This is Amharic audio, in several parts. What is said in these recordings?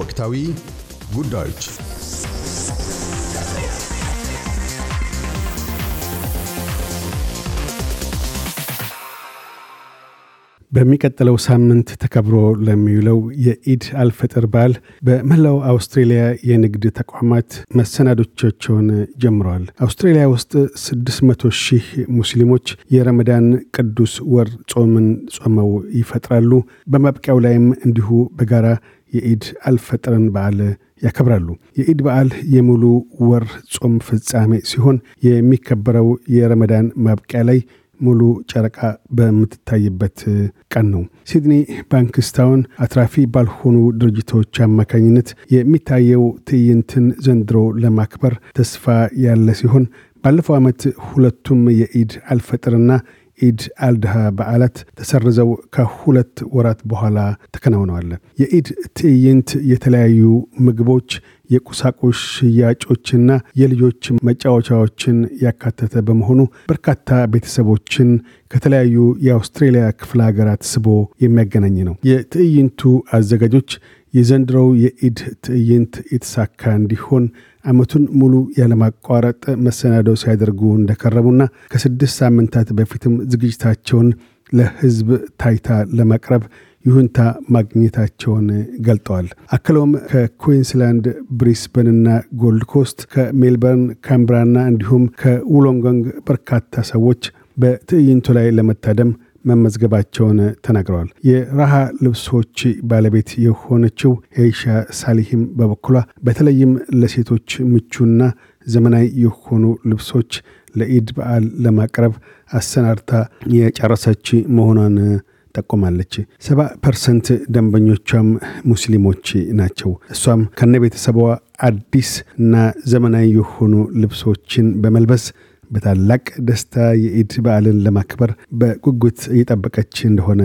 ወቅታዊ ጉዳዮች በሚቀጥለው ሳምንት ተከብሮ ለሚውለው የኢድ አልፈጥር በዓል በመላው አውስትሬልያ የንግድ ተቋማት መሰናዶቻቸውን ጀምረዋል። አውስትሬልያ ውስጥ 600 ሺህ ሙስሊሞች የረመዳን ቅዱስ ወር ጾምን ጾመው ይፈጥራሉ። በማብቂያው ላይም እንዲሁ በጋራ የኢድ አልፈጥርን በዓል ያከብራሉ። የኢድ በዓል የሙሉ ወር ጾም ፍጻሜ ሲሆን የሚከበረው የረመዳን ማብቂያ ላይ ሙሉ ጨረቃ በምትታይበት ቀን ነው። ሲድኒ ባንክስታውን አትራፊ ባልሆኑ ድርጅቶች አማካኝነት የሚታየው ትዕይንትን ዘንድሮ ለማክበር ተስፋ ያለ ሲሆን ባለፈው ዓመት ሁለቱም የኢድ አልፈጥርና የኢድ አልድሃ በዓላት ተሰርዘው ከሁለት ወራት በኋላ ተከናውነዋል። የኢድ ትዕይንት የተለያዩ ምግቦች የቁሳቁስ ሽያጮችና የልጆች መጫወቻዎችን ያካተተ በመሆኑ በርካታ ቤተሰቦችን ከተለያዩ የአውስትሬልያ ክፍለ ሀገራት ስቦ የሚያገናኝ ነው። የትዕይንቱ አዘጋጆች የዘንድሮው የኢድ ትዕይንት የተሳካ እንዲሆን አመቱን ሙሉ ያለማቋረጥ መሰናዶ ሲያደርጉ እንደከረሙና ከስድስት ሳምንታት በፊትም ዝግጅታቸውን ለህዝብ ታይታ ለማቅረብ ይሁንታ ማግኘታቸውን ገልጠዋል። አክለውም ከኩዊንስላንድ ብሪስበንና ጎልድ ኮስት፣ ከሜልበርን ካምብራና እንዲሁም ከውሎንጎንግ በርካታ ሰዎች በትዕይንቱ ላይ ለመታደም መመዝገባቸውን ተናግረዋል። የረሃ ልብሶች ባለቤት የሆነችው ሄይሻ ሳሊሂም በበኩሏ በተለይም ለሴቶች ምቹና ዘመናዊ የሆኑ ልብሶች ለኢድ በዓል ለማቅረብ አሰናድታ የጨረሰች መሆኗን ጠቁማለች። ሰባ ፐርሰንት ደንበኞቿም ሙስሊሞች ናቸው። እሷም ከነ ቤተሰቧ አዲስ እና ዘመናዊ የሆኑ ልብሶችን በመልበስ በታላቅ ደስታ የኢድ በዓልን ለማክበር በጉጉት እየጠበቀች እንደሆነ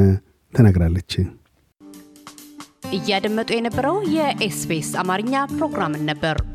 ተናግራለች። እያደመጡ የነበረው የኤስቢኤስ አማርኛ ፕሮግራምን ነበር።